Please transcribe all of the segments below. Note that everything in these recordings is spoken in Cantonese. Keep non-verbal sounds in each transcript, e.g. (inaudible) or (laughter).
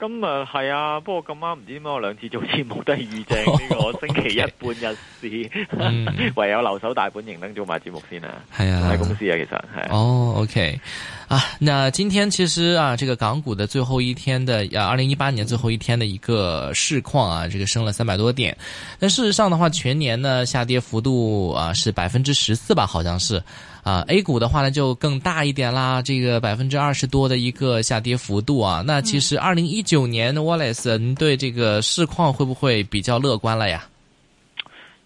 咁、嗯、啊，係啊，不過咁啱唔知點解我兩次做節目都係預訂呢個星期一半日市，oh, okay. (laughs) 唯有留守大本營等做埋節目先啊。係、哎、啊，喺公司啊，其實係。哦、oh，OK，啊，那今天其實啊，這個港股嘅最後一天嘅啊，二零一八年最後一天嘅一個市況啊，這個升咗三百多點，但事實上嘅話，全年呢下跌幅度啊係百分之十四吧，好像是。啊、uh，A 股的話呢就更大一點啦，這個百分之二十多的一個下跌幅度啊。那其實二零一九年的、嗯、Wallace，您對這個市況會不會比較樂觀了呀？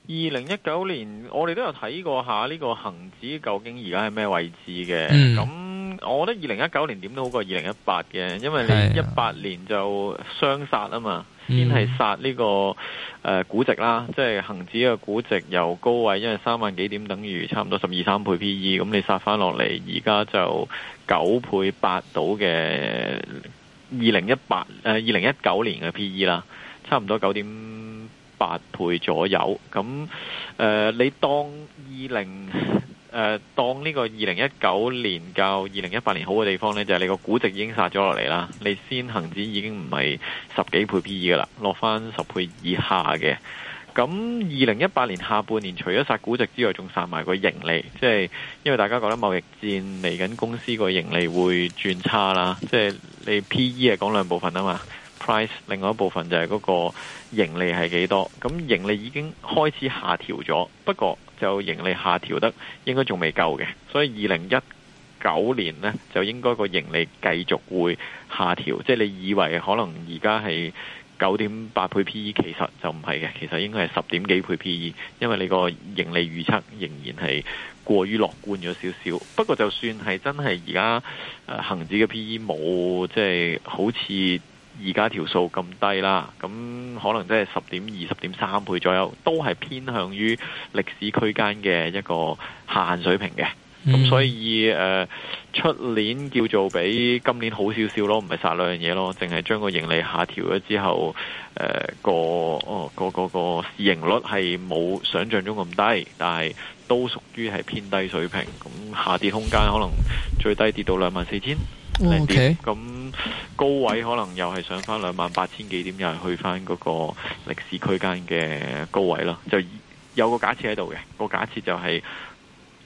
二零一九年，我哋都有睇過下呢個恒指究竟而家係咩位置嘅。嗯我覺得二零一九年點都好過二零一八嘅，因為你一八年就雙殺啊嘛，啊嗯、先係殺呢個誒估值啦，即係恒指嘅估值由高位，因為三萬幾點等於差唔多十二三倍 P E，咁你殺翻落嚟，而家就九倍八到嘅二零一八誒二零一九年嘅 P E 啦，差唔多九點八倍左右。咁誒、呃，你當二零？誒，當呢個二零一九年較二零一八年好嘅地方呢，就係、是、你個估值已經殺咗落嚟啦。你先恆指已經唔係十幾倍 P E 噶啦，落翻十倍以下嘅。咁二零一八年下半年除咗殺估值之外，仲殺埋個盈利，即係因為大家覺得貿易戰嚟緊，公司個盈利會轉差啦。即係你 P E 係講兩部分啊嘛，Price 另外一部分就係嗰個盈利係幾多。咁盈利已經開始下調咗，不過，就盈利下調得應該仲未夠嘅，所以二零一九年呢，就應該個盈利繼續會下調。即係你以為可能而家係九點八倍 P E，其實就唔係嘅，其實應該係十點幾倍 P E，因為你個盈利預測仍然係過於樂觀咗少少。不過就算係真係而家誒，恆指嘅 P E 冇即係好似。而家條數咁低啦，咁可能即係十點二十點三倍左右，都係偏向於歷史區間嘅一個下限水平嘅。咁、嗯、所以誒，出、呃、年叫做比今年好少少咯，唔係殺兩樣嘢咯，淨係將個盈利下調咗之後，誒、呃、個哦個個個市盈率係冇想象中咁低，但係都屬於係偏低水平，咁下跌空間可能最低跌到兩萬四千。零點，咁高位可能又係上翻兩萬八千幾點，又係去翻嗰個歷史區間嘅高位咯。就有個假設喺度嘅，個假設就係、是。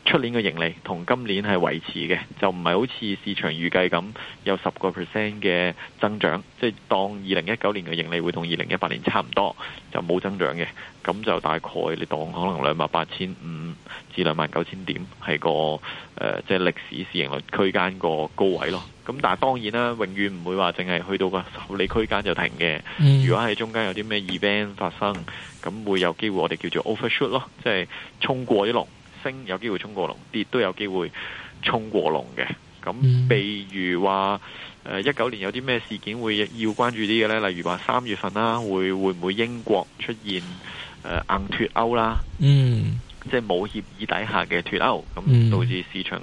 出年嘅盈利同今年係維持嘅，就唔係好似市場預計咁有十個 percent 嘅增長，即係當二零一九年嘅盈利會同二零一八年差唔多，就冇增長嘅。咁就大概你當可能兩萬八千五至兩萬九千點係個誒即係歷史市盈率區間個高位咯。咁但係當然啦，永遠唔會話淨係去到個合理區間就停嘅。如果係中間有啲咩 event 發生，咁會有機會我哋叫做 overshoot 咯，即係衝過一浪。升有機會衝過龍，跌都有機會衝過龍嘅。咁譬如話，誒一九年有啲咩事件會要關注啲嘅呢？例如話三月份啦，會會唔會英國出現誒、呃、硬脱歐啦？嗯，即係冇協議底下嘅脱歐，咁導致市場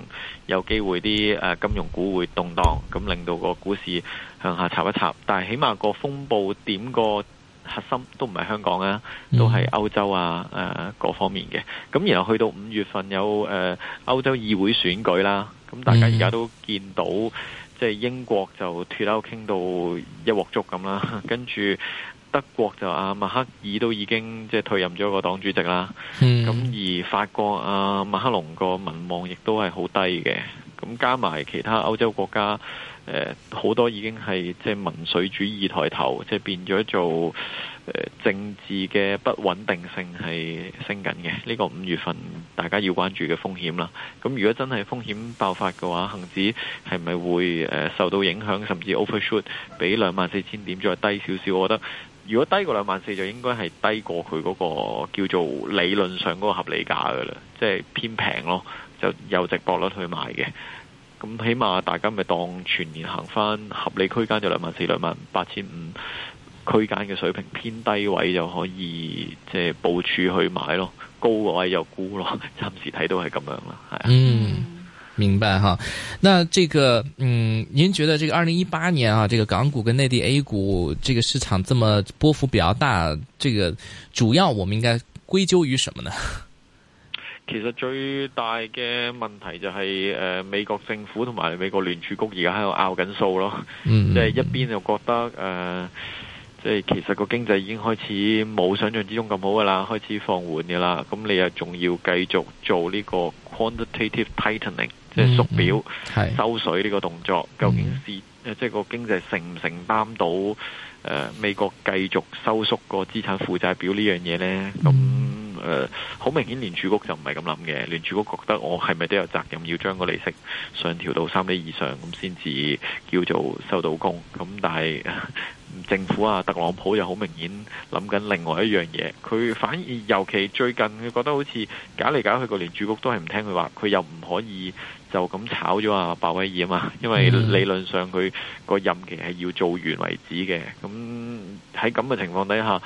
有機會啲誒、呃、金融股會動盪，咁令到個股市向下插一插。但係起碼個風暴點個。核心都唔係香港啊，都係歐洲啊，誒、嗯呃、各方面嘅。咁然後去到五月份有誒、呃、歐洲議會選舉啦，咁大家而家都見到，嗯、即係英國就脱歐傾到一鑊粥咁啦，跟住德國就阿默、啊、克爾都已經即係退任咗個黨主席啦。咁、嗯、而法國啊馬克龍個民望亦都係好低嘅，咁加埋其他歐洲國家。誒、呃，好多已經係即係民粹主義抬頭，即係變咗做誒、呃、政治嘅不穩定性係升緊嘅。呢、這個五月份大家要關注嘅風險啦。咁如果真係風險爆發嘅話，恒指係咪會誒、呃、受到影響，甚至 overshoot 比兩萬四千點再低少少？我覺得如果低過兩萬四就應該係低過佢嗰個叫做理論上嗰個合理價噶啦，即、就、係、是、偏平咯，就有值博率去買嘅。咁起碼大家咪當全年行翻合理區間，就兩萬四兩萬八千五區間嘅水平，偏低位就可以即係部署去買咯，高位又沽咯。暫時睇到係咁樣啦，係啊。嗯，明白哈。那這個，嗯，您覺得這個二零一八年啊，這個港股跟內地 A 股，這個市場這麼波幅比較大，這個主要我們應該歸咎於什麼呢？其實最大嘅問題就係、是，誒、呃，美國政府同埋美國聯儲局而家喺度拗緊數咯，即係一邊就覺得，誒、呃，即係其實個經濟已經開始冇想象之中咁好噶啦，開始放緩噶啦，咁你又仲要繼續做呢個 quantitative tightening，嗯、即係縮表、收水呢個動作、嗯，究竟是，誒，即係個經濟承唔承擔到，誒、呃，美國繼續收縮個資產負債表呢樣嘢呢？咁、嗯？誒、呃，好明顯聯儲局就唔係咁諗嘅。聯儲局覺得我係咪都有責任要將個利息上調到三厘以上，咁先至叫做收到工。咁但係、呃、政府啊、特朗普又好明顯諗緊另外一樣嘢。佢反而尤其最近，佢覺得好似搞嚟搞去，個聯儲局都係唔聽佢話。佢又唔可以就咁炒咗啊，鮑威爾啊嘛。因為理論上佢個任期係要做完為止嘅。咁喺咁嘅情況底下，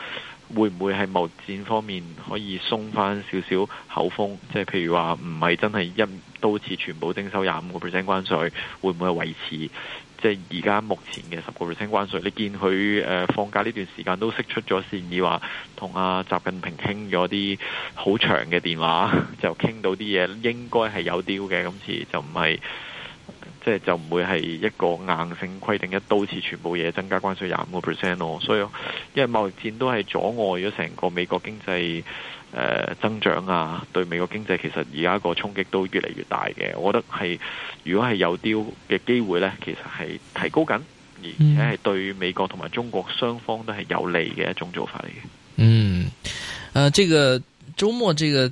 會唔會喺貿易戰方面可以鬆翻少少口風？即係譬如話唔係真係一刀切，次全部徵收廿五個 percent 關稅，會唔會係維持即係而家目前嘅十個 percent 關稅？你見佢、呃、放假呢段時間都釋出咗善意，話同阿習近平傾咗啲好長嘅電話，就傾到啲嘢，應該係有 deal 嘅，今次就唔係。即就唔會係一個硬性規定，一刀切全部嘢增加關稅廿五個 percent 咯。所以，因為貿易戰都係阻礙咗成個美國經濟誒、呃、增長啊，對美國經濟其實而家個衝擊都越嚟越大嘅。我覺得係如果係有啲嘅機會呢，其實係提高緊，而且係對美國同埋中國雙方都係有利嘅一種做法嚟嘅。嗯，誒，這個周末，這個。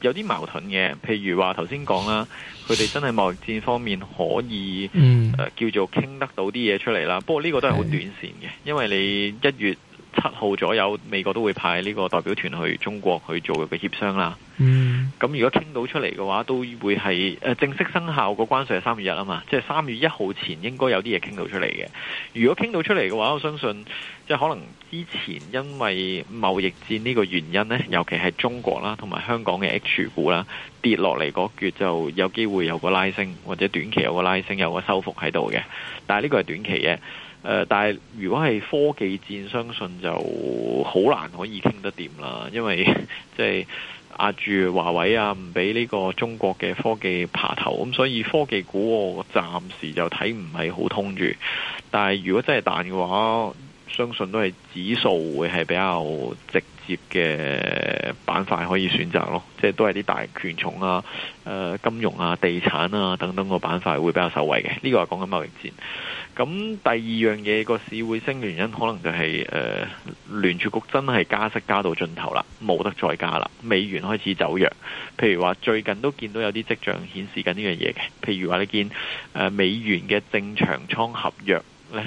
有啲矛盾嘅，譬如話頭先講啦，佢哋真係貿易戰方面可以、嗯呃、叫做傾得到啲嘢出嚟啦，不過呢個都係好短線嘅，因為你一月七號左右，美國都會派呢個代表團去中國去做個協商啦。嗯，咁如果傾到出嚟嘅話，都會係正式生效個關稅係三月一啊嘛，即係三月一號前應該有啲嘢傾到出嚟嘅。如果傾到出嚟嘅話，我相信即係可能之前因為貿易戰呢個原因呢，尤其係中國啦，同埋香港嘅 H 股啦。跌落嚟嗰橛就有機會有個拉升，或者短期有個拉升，有個收復喺度嘅。但係呢個係短期嘅。誒、呃，但係如果係科技戰，相信就好難可以傾得掂啦。因為即係壓住華為啊，唔俾呢個中國嘅科技爬頭，咁所以科技股我暫時就睇唔係好通住。但係如果真係彈嘅話，相信都係指數會係比較值。接嘅板塊可以選擇咯，即係都係啲大型權重啊、呃、金融啊、地產啊等等個板塊會比較受惠嘅。呢個係講緊貿易戰。咁第二樣嘢個市會升嘅原因，可能就係、是、誒、呃、聯儲局真係加息加到盡頭啦，冇得再加啦。美元開始走弱，譬如話最近都見到有啲跡象顯示緊呢樣嘢嘅。譬如話你見、呃、美元嘅正長倉合約咧，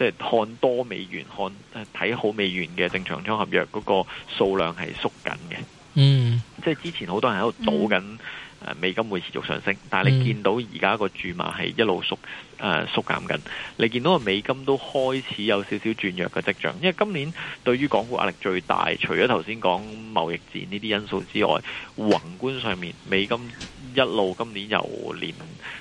即係看多美元，看睇好美元嘅正常倉合約嗰個數量係縮緊嘅，嗯，即係之前好多人喺度賭緊。誒美金會持續上升，但係你見到而家個注碼係一路縮，誒縮減緊。你見到個美金都開始有少少轉弱嘅跡象，因為今年對於港股壓力最大，除咗頭先講貿易戰呢啲因素之外，宏觀上面美金一路今年由年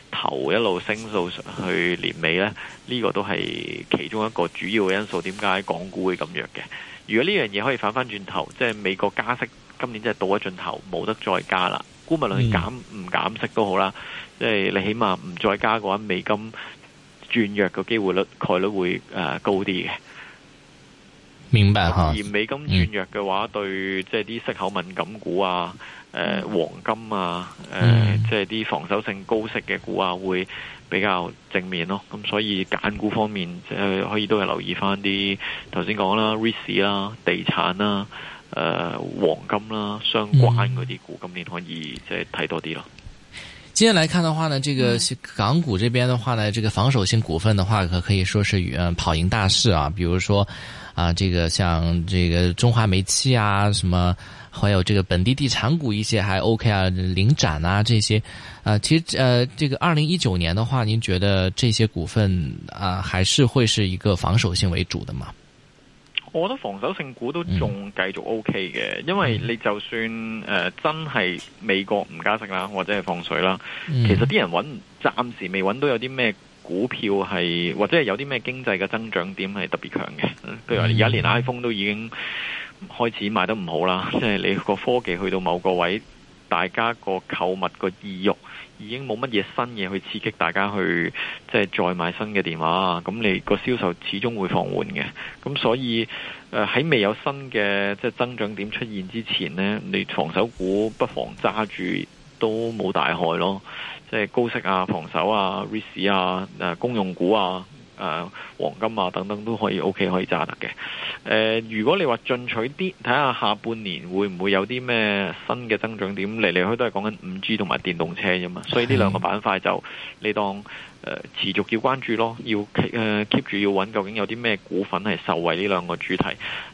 頭一路升數去年尾呢，呢、呢個都係其中一個主要嘅因素。點解港股會咁弱嘅？如果呢樣嘢可以反翻轉頭，即係美國加息今年真係到咗盡頭，冇得再加啦。姑勿論減唔減息都好啦，嗯，即係你起碼唔再加嘅話，美金轉弱嘅機會率概率會誒、呃、高啲嘅。明白哈。而美金轉弱嘅話，嗯、對即係啲息口敏感股啊，誒、呃、黃金啊，誒、呃嗯、即係啲防守性高息嘅股啊，會比較正面咯。咁所以揀股方面，即、呃、係可以都係留意返啲頭先講啦 REITs 啦，地產啦、啊。呃黃金啦、啊，相關嗰啲股、嗯、今年可以即係睇多啲咯。接下來看的話呢，這個港股這邊的話呢，這個防守性股份的話可可以說是跑贏大市啊。比如說啊，這個像這個中華煤氣啊，什麼，還有這個本地地產股一些，還 OK 啊，領展啊這些。啊，其實呃、啊、這個二零一九年的話，您覺得這些股份啊，還是會是一個防守性為主的嘛？我覺得防守性股都仲繼續 OK 嘅，因為你就算誒、呃、真係美國唔加息啦，或者係放水啦，其實啲人揾暫時未揾到有啲咩股票係，或者係有啲咩經濟嘅增長點係特別強嘅。譬如話而家連 iPhone 都已經開始賣得唔好啦，即係你個科技去到某個位，大家個購物個意欲，已經冇乜嘢新嘢去刺激大家去即係、就是、再買新嘅電話啊！咁你個銷售始終會放緩嘅，咁所以誒喺未有新嘅即係增長點出現之前咧，你防守股不妨揸住都冇大害咯，即、就、係、是、高息啊、防守啊、risk 啊、誒公用股啊。誒、啊、黃金啊等等都可以 O、OK, K 可以揸得嘅。誒、呃、如果你話進取啲，睇下下半年會唔會有啲咩新嘅增長點，嚟嚟去去都係講緊五 G 同埋電動車啫嘛，所以呢兩個板塊就你當、呃、持續要關注咯，要 keep 住、呃、要揾究竟有啲咩股份係受惠呢兩個主題，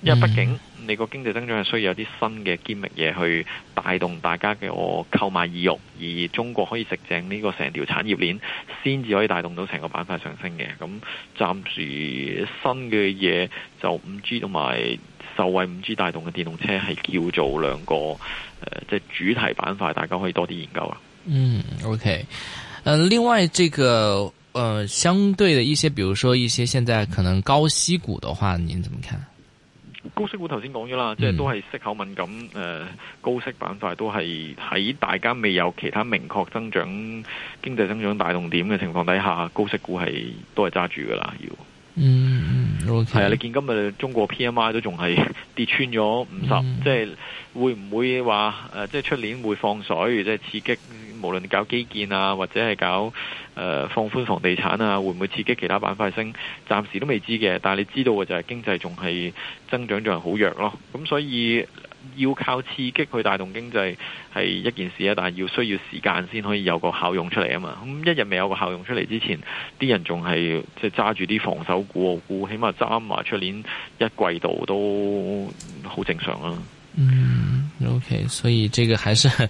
嗯、因為畢竟。你個經濟增長係需要有啲新嘅、堅密嘢去帶動大家嘅我購買意欲，而中國可以食正呢個成條產業鏈，先至可以帶動到成個板塊上升嘅。咁暫時新嘅嘢就五 G 同埋受惠五 G 帶動嘅電動車係叫做兩個即係、呃就是、主題板塊，大家可以多啲研究啊。嗯，OK、呃。另外這個誒、呃，相對的一些，比如說一些現在可能高息股的話，您怎麼看？高息股頭先講咗啦，即係都係息口敏感，誒、嗯呃，高息板塊都係喺大家未有其他明確增長、經濟增長大動點嘅情況底下，高息股係都係揸住噶啦，要。嗯，係、嗯、啊，你見今日中國 PMI 都仲係跌穿咗五十，即係會唔會話誒、呃，即係出年會放水，即係刺激？無論搞基建啊，或者係搞誒、呃、放寬房地產啊，會唔會刺激其他板塊升？暫時都未知嘅。但係你知道嘅就係、是、經濟仲係增長仲係好弱咯。咁所以要靠刺激去帶動經濟係一件事啊。但係要需要時間先可以有個效用出嚟啊嘛。咁一日未有個效用出嚟之前，啲人仲係即係揸住啲防守股，我估起碼揸埋出年一季度都好正常啊。嗯，OK，所以這個還是。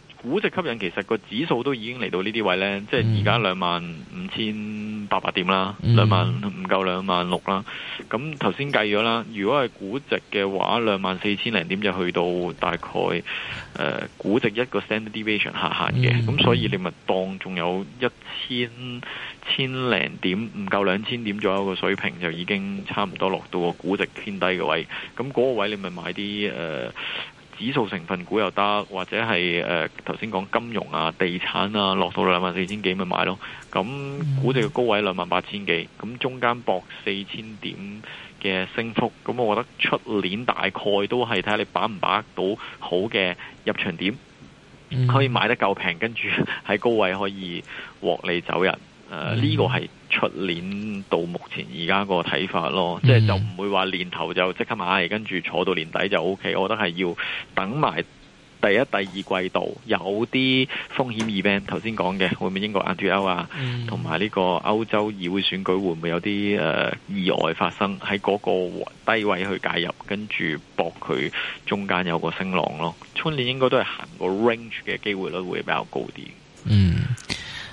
估值吸引，其實個指數都已經嚟到呢啲位呢，即係而家兩萬五千八百點啦，兩萬唔夠兩萬六啦。咁頭先計咗啦，如果係估值嘅話，兩萬四千零點就去到大概、呃、估值一個 standard deviation 下限嘅，咁、嗯、所以你咪當仲有一千千零點，唔夠兩千點左右個水平，就已經差唔多落到個估值偏低嘅位。咁嗰個位你咪買啲誒。呃指數成分股又得，或者係誒，頭先講金融啊、地產啊，落到兩萬四千幾咪買咯。咁股地嘅高位兩萬八千幾，咁中間搏四千點嘅升幅，咁我覺得出年大概都係睇下你把唔把握到好嘅入場點、嗯，可以買得夠平，跟住喺高位可以獲利走人。呢、啊，這個係出年到目前而家個睇法咯，嗯、即係就唔會話年頭就即刻買，跟住坐到年底就 O K。我覺得係要等埋第一、第二季度有啲風險 event，頭先講嘅會唔會英國脱歐啊，同埋呢個歐洲議會選舉會唔會有啲誒、呃、意外發生？喺嗰個低位去介入，跟住搏佢中間有個升浪咯。全年應該都係行個 range 嘅機會率會比較高啲。嗯。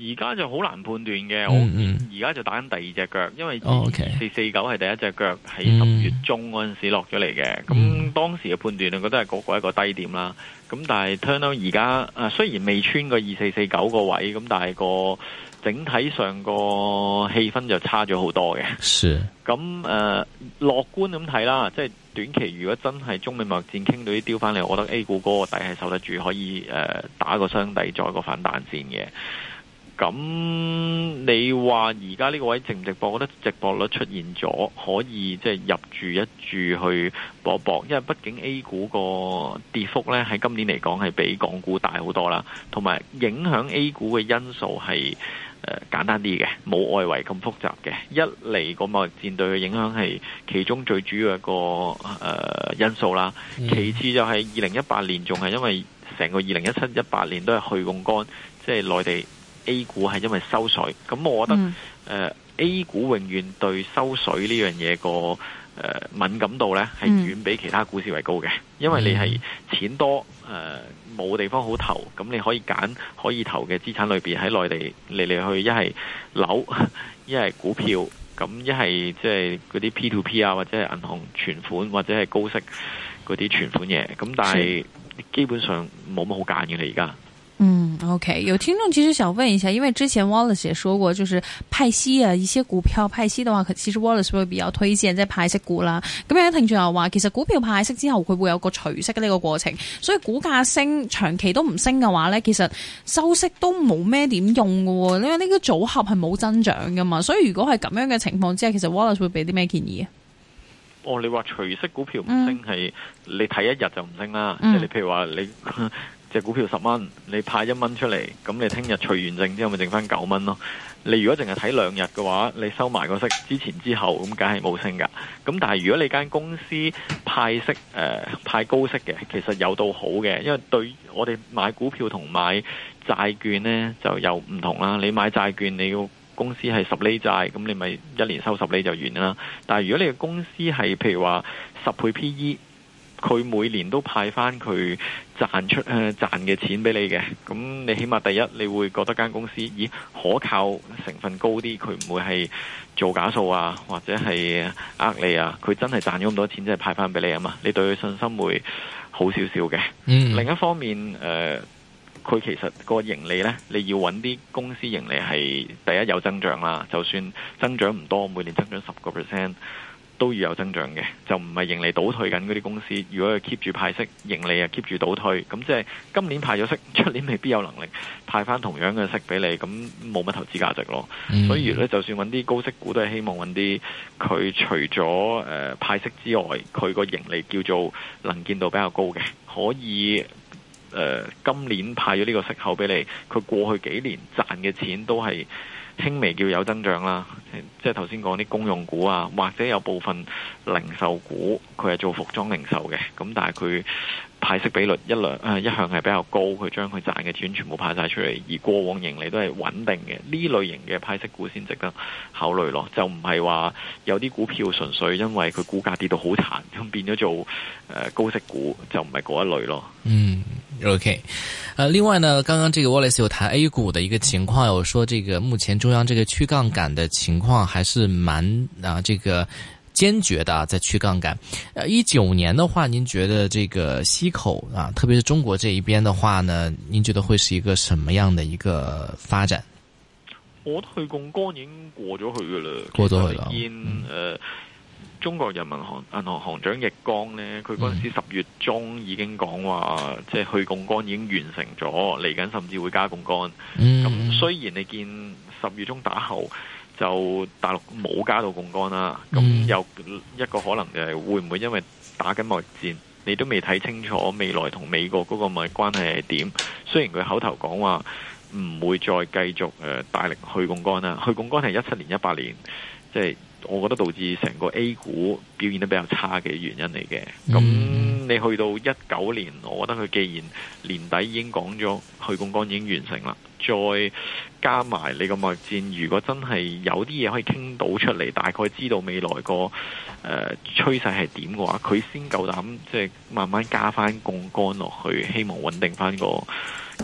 而家就好難判斷嘅。Mm -hmm. 我而家就打緊第二隻腳，因為四四九係第一隻腳，喺十月中嗰陣時落咗嚟嘅。咁、mm -hmm. 當時嘅判斷，我覺得係嗰個一個低點啦。咁但係聽到而家誒，雖然未穿過二四四九個位，咁但係個整體上個氣氛就差咗好多嘅。咁誒，樂、呃、觀咁睇啦。即係短期如果真係中美貿易戰傾到啲丟翻嚟，我覺得 A 股嗰個底係受得住，可以誒、呃、打個雙底再個反彈線嘅。咁你話而家呢個位值唔值博，我覺得值博率出現咗，可以即係入住一注去博一博。因為畢竟 A 股個跌幅呢，喺今年嚟講係比港股大好多啦，同埋影響 A 股嘅因素係誒簡單啲嘅，冇外圍咁複雜嘅。一嚟個貿易戰對嘅影響係其中最主要一個誒因素啦。其次就係二零一八年仲係因為成個二零一七一八年都係去槓桿，即係內地。A 股係因為收水，咁我覺得誒、嗯呃、A 股永遠對收水呢樣嘢個誒敏感度呢係遠比其他股市為高嘅、嗯。因為你係錢多誒，冇、呃、地方好投，咁你可以揀可以投嘅資產裏邊喺內地嚟嚟去一係樓，一係股票，咁一係即係嗰啲 P2P 啊，或者係銀行存款或者係高息嗰啲存款嘢。咁但係基本上冇乜好揀嘅你而家。嗯，OK，有聽眾其實想問一下，因為之前 Wallace 也說過，就是派息啊，一些股票派息的話，其實 Wallace 會比較推薦即係派息股啦。咁有聽眾又話，其實股票派息之後佢會有個除息呢個過程，所以股價升長期都唔升嘅話呢，其實收息都冇咩點用嘅。因為呢啲組合係冇增長噶嘛，所以如果係咁樣嘅情況之下，其實 Wallace 會俾啲咩建議啊？哦，你話除息股票唔升係、嗯、你睇一日就唔升啦、嗯，即係你譬如話你。 (laughs) 隻股票十蚊，你派一蚊出嚟，咁你聽日除完淨之後，咪剩返九蚊咯。你如果淨係睇兩日嘅話，你收埋個息之前之後咁，梗係冇升噶。咁但係如果你間公司派息，呃、派高息嘅，其實有到好嘅，因為對我哋買股票同買債券呢，就有唔同啦。你買債券，你要公司係十厘債，咁你咪一年收十厘就完啦。但係如果你嘅公司係譬如話十倍 PE，佢每年都派返佢。賺出誒賺嘅錢俾你嘅，咁你起碼第一你會覺得間公司，咦可靠成分高啲，佢唔會係做假數啊，或者係呃你啊，佢真係賺咗咁多錢，真係派返俾你啊嘛，你對佢信心會好少少嘅。嗯。另一方面，佢、呃、其實個盈利呢，你要揾啲公司盈利係第一有增長啦，就算增長唔多，每年增長十個 percent。都要有增長嘅，就唔係盈利倒退緊嗰啲公司。如果佢 keep 住派息，盈利啊 keep 住倒退，咁即係今年派咗息，出年未必有能力派翻同樣嘅息俾你，咁冇乜投資價值咯。嗯。所以咧，就算揾啲高息股，都係希望揾啲佢除咗誒派息之外，佢個盈利叫做能見度比較高嘅，可以誒、呃、今年派咗呢個息口俾你，佢過去幾年賺嘅錢都係。輕微叫有增長啦，即係頭先講啲公用股啊，或者有部分零售股，佢係做服裝零售嘅，咁但係佢。派息比率一兩啊，一向係比較高，佢將佢賺嘅錢全部派晒出嚟，而過往盈利都係穩定嘅，呢類型嘅派息股先值得考慮咯，就唔係話有啲股票純粹因為佢股價跌到好殘，咁變咗做誒高息股，就唔係嗰一類咯。嗯，OK，誒、啊，另外呢，剛剛這個 Wallace 有談 A 股的一個情況，有說這個目前中央這個去槓桿的情況還是蠻啊，這個。堅決的在去槓桿，一九年的話，您覺得這個息口啊，特別是中國這一邊的話呢，您覺得會是一個什麼樣的一個發展？我覺得去槓桿已經過咗去噶啦，過咗去啦。呃，嗯 in, uh, 中國人民行銀行行長易綱呢，佢嗰陣時十月中已經講話、嗯，即係去槓桿已經完成咗，嚟緊甚至會加槓桿。嗯，咁雖然你見十月中打後。就大陸冇加到槓桿啦，咁有一個可能就係會唔會因為打緊貿易戰，你都未睇清楚未來同美國嗰個貿易關係係點？雖然佢口頭講話唔會再繼續誒大力去槓桿啦，去槓桿係一七年、一八年，即係。我覺得導致成個 A 股表現得比較差嘅原因嚟嘅。咁、嗯、你去到一九年，我覺得佢既然年底已經講咗去槓桿已經完成啦，再加埋你個貿易戰，如果真係有啲嘢可以傾到出嚟，大概知道未來個誒趨勢係點嘅話，佢先夠膽即係慢慢加翻槓桿落去，希望穩定翻個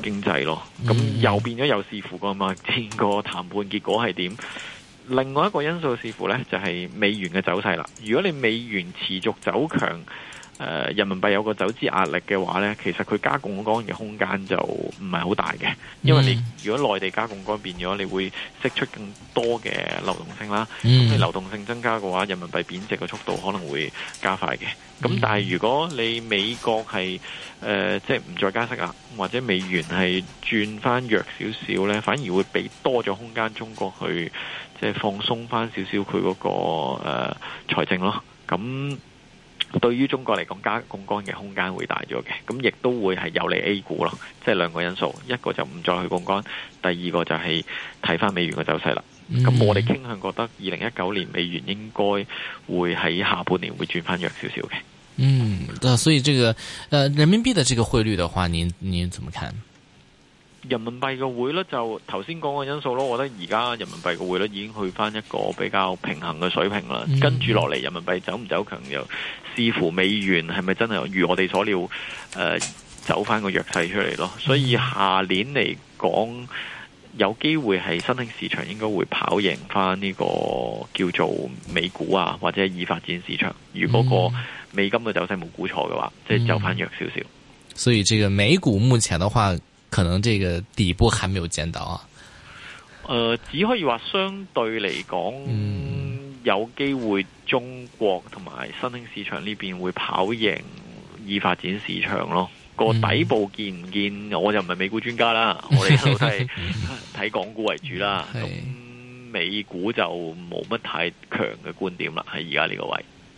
經濟咯。咁、嗯、又變咗又視乎個貿易戰個談判結果係點。另外一個因素似乎咧，就係美元嘅走勢啦。如果你美元持續走強，誒人民幣有個走資壓力嘅話呢，其實佢加槓桿嘅空間就唔係好大嘅，因為你如果內地加槓桿邊嘅話，你會釋出更多嘅流動性啦。咁你流動性增加嘅話，人民幣貶值嘅速度可能會加快嘅。咁但係如果你美國係誒即係唔再加息啊，或者美元係轉翻弱少少呢，反而會俾多咗空間中國去即係、就是、放鬆翻少少佢嗰個誒財政咯。咁、嗯對於中國嚟講，加槓杆嘅空間會大咗嘅，咁亦都會係有利 A 股咯，即係兩個因素，一個就唔再去槓杆，第二個就係睇翻美元嘅走勢啦。咁、嗯、我哋傾向覺得二零一九年美元應該會喺下半年會轉翻弱少少嘅。嗯，所以這個，人民幣的這個匯率的話，您您怎麼看？人民幣嘅匯率就頭先講嘅因素咯。我覺得而家人民幣嘅匯率已經去翻一個比較平衡嘅水平啦、嗯。跟住落嚟，人民幣走唔走強，又視乎美元係咪真係如我哋所料、呃、走翻個弱勢出嚟咯。所以下年嚟講，有機會係新興市場應該會跑贏翻呢個叫做美股啊，或者已發展市場。如果個美金嘅走勢冇估錯嘅話，嗯、即係走翻弱少少。所以，這個美股目前嘅話。可能這個底部還沒有見到啊、嗯，誒、嗯呃，只可以話相對嚟講，有機會中國同埋新興市場呢邊會跑贏，已發展市場咯。個底部見唔見，嗯、我就唔係美股專家啦，我哋都係睇港股為主啦。咁美股就冇乜太強嘅觀點啦，喺而家呢個位。